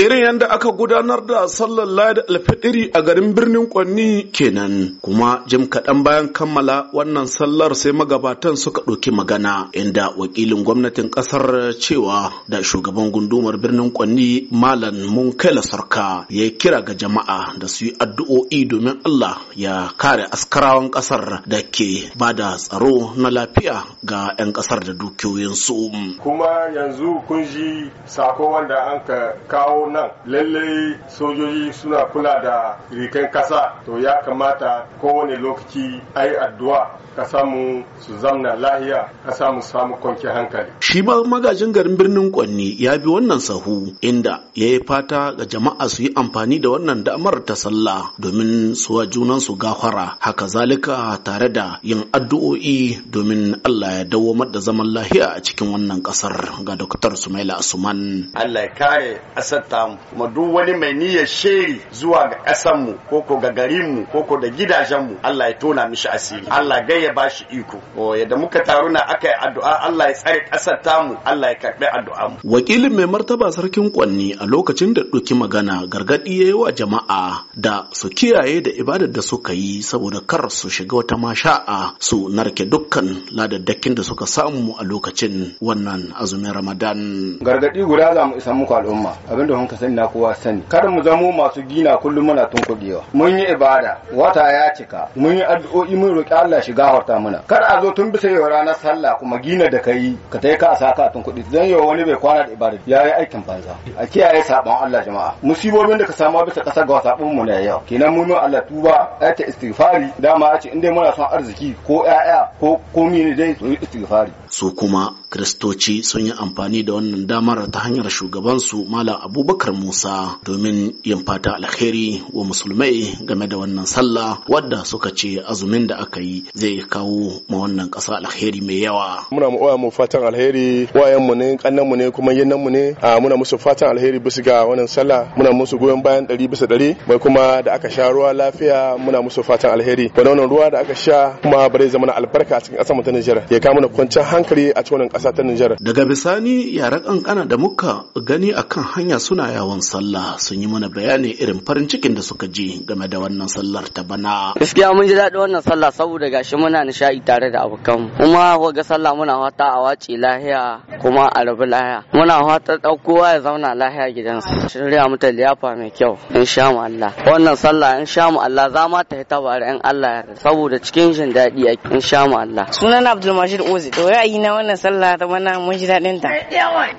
irin yadda aka gudanar da sallar layar alfadiri a garin birnin kwanni kenan kuma jim kaɗan bayan kammala wannan sallar sai magabatan suka ɗauki magana inda wakilin gwamnatin ƙasar cewa da shugaban gundumar birnin kwanni malam munkaila sarka ya kira ga jama'a da su yi addu'o'i domin allah ya kare askarawan ƙasar da ke ba da tsaro na lafiya ga 'yan ƙasar da dukiyoyinsu kuma yanzu kun ji sako wanda an ka kawo nan lallai sojoji suna kula da rikan kasa to ya kamata kowane lokaci a yi addu'a ka samu su zamna lahiya ka samu samu kwanke hankali. Shi ma magajin garin birnin Kwanni ya bi wannan sahu inda ya yi fata ga jama'a su yi amfani da wannan damar ta sallah domin su wa su gafara haka zalika tare da yin addu'o'i domin Allah ya dawwamar da zaman lahiya a cikin wannan kasar ga Dr. Sumaila Asuman. Allah ya kare asar samu kuma duk wani mai niyyar sheri zuwa ga mu koko ga garin mu koko da gidajen mu Allah ya tona mishi asiri Allah gayya ba shi iko o yadda muka taru na aka yi addu'a Allah ya tsare ƙasar mu Allah ya karɓi addu'a mu wakilin mai martaba sarkin kwanni a lokacin da ɗauki magana gargaɗi ya yi wa jama'a da su kiyaye da ibadar da suka yi saboda kar su shiga wata masha'a su narke dukkan ladaddakin da suka samu a lokacin wannan azumin ramadan gargaɗi guda za mu isa muku al'umma abinda ka sani na kowa sani kada mu zamo masu gina kullum muna tunkuɗewa mun yi ibada wata ya cika mun yi addu'o'i mun roƙi Allah shiga horta muna Kada a zo tun bisa yau ranar sallah kuma gina da kai ka tai ka sa ka tunkuɗi dan yau wani bai kwana da ibada ya yi aikin banza a kiyaye sabon Allah jama'a musibobin da ka samu bisa kasa ga sabon mu na yau kenan mun Allah tuba ayata ta istighfari dama a ce in muna son arziki ko ƴaƴa ko komi ne dai su yi istighfari su kuma kristoci sun yi amfani da wannan damar ta hanyar shugabansu malam abubakar musa domin yin fata alheri wa musulmai game da wannan sallah wadda suka ce azumin da aka yi zai kawo ma wannan ƙasa alheri mai yawa muna mu mu fatan alheri wayan mu ne kannan mu ne kuma yannan mu ne muna musu fatan alheri bisa ga wannan sallah muna musu goyon bayan ɗari bisa ɗari mai kuma da aka sha ruwa lafiya muna musu fatan alheri wannan ruwa da aka sha kuma bare zama albarka a cikin ƙasar mu ta Nijar ya kawo mana kwanciyar hankali karye a cikin ƙasa ta Nijar. Daga bisani yaran ƙanƙana da muka gani a kan hanya suna yawon sallah sun yi mana bayani irin farin cikin da suka ji game da wannan sallar ta bana. Gaskiya mun ji daɗin wannan sallah saboda gashi muna nishaɗi tare da abokan kuma ga sallah muna wata a wace lahiya kuma a rabu lahiya muna fatan ɗan kowa ya zauna lahiya gidansa shirya mata liyafa mai kyau in sha mu Allah wannan sallah in sha mu Allah za ma ta yi tabari in Allah ya saboda cikin jin daɗi in sha mu Allah sunan Abdulmajid Ozi to ra'ayi na wannan sallah ta mana mun ji daɗin ta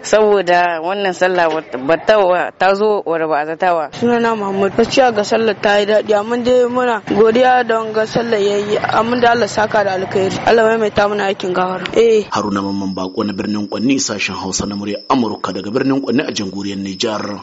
saboda wannan sallah battawa ta zo wa ba zatawa sunana Muhammad ciya ga sallar ta yi daɗi amma dai muna godiya don ga sallar yayi amma da Allah saka da alkhairi Allah mai ta muna aikin gawar eh Haruna Mamman Bako na birnin Kwanni ne sashen Hausa na murya Amurka daga birnin Kwanne a jamhuriyar Nijar.